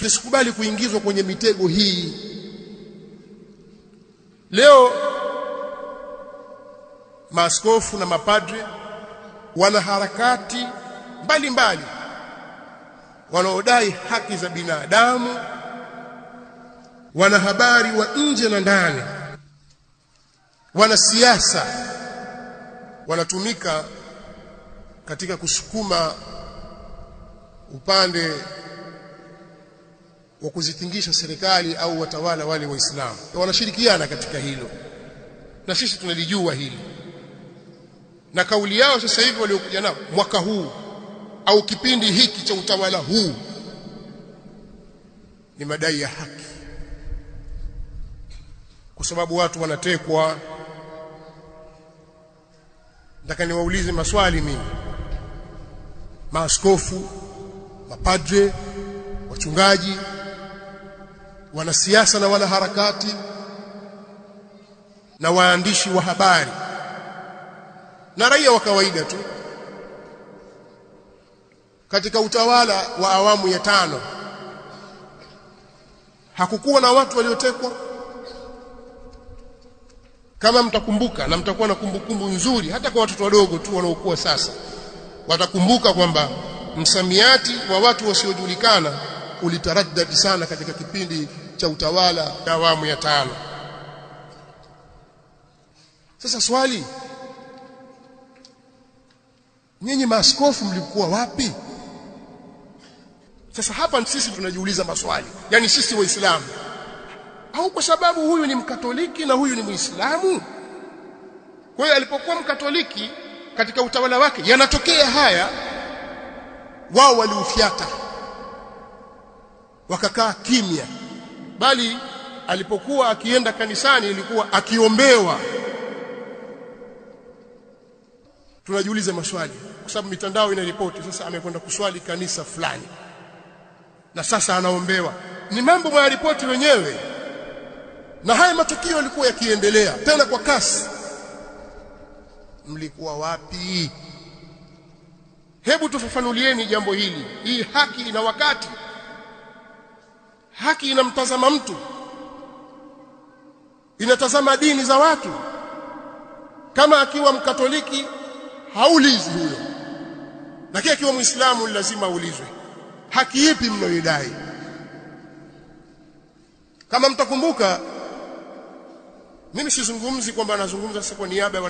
tusikubali kuingizwa kwenye mitego hii leo maaskofu na mapadre harakati mbalimbali wanaodai haki za binadamu wanahabari wa nje na ndani wanasiasa wanatumika katika kusukuma upande wa kuzitingisha serikali au watawala wale waislamu wanashirikiana katika hilo na sisi tunalijua hili na kauli yao sasa hivi waliokuja nao mwaka huu au kipindi hiki cha utawala huu ni madai ya haki kwa sababu watu wanatekwa nataka niwaulize maswali mimi maaskofu mapadre wachungaji wanasiasa na wanaharakati na waandishi wa habari na raia wa kawaida tu katika utawala wa awamu ya tano hakukuwa na watu waliotekwa kama mtakumbuka na mtakuwa na kumbukumbu nzuri hata kwa watoto wadogo tu wanaokuwa sasa watakumbuka kwamba msamiati wa watu wasiojulikana ulitaraddadi sana katika kipindi cha utawala wa awamu ya tano. Sasa swali, nyinyi maaskofu mlikuwa wapi? Sasa hapa sisi tunajiuliza maswali, yani sisi Waislamu, au kwa sababu huyu ni Mkatoliki na huyu ni Muislamu? Kwa hiyo alipokuwa Mkatoliki katika utawala wake yanatokea haya, wao waliufyata wakakaa kimya bali alipokuwa akienda kanisani ilikuwa akiombewa tunajiuliza maswali kwa sababu mitandao inaripoti sasa amekwenda kuswali kanisa fulani na sasa anaombewa ni mambo ripoti wenyewe na haya matukio yalikuwa yakiendelea tena kwa kasi mlikuwa wapi hebu tufafanulieni jambo hili hii haki ina wakati haki inamtazama mtu inatazama dini za watu kama akiwa mkatoliki haulizi huyo lakini akiwa muislamu lazima aulizwe haki ipi mnayoidai kama mtakumbuka mimi sizungumzi kwamba nazungumza sasa kwa niaba ya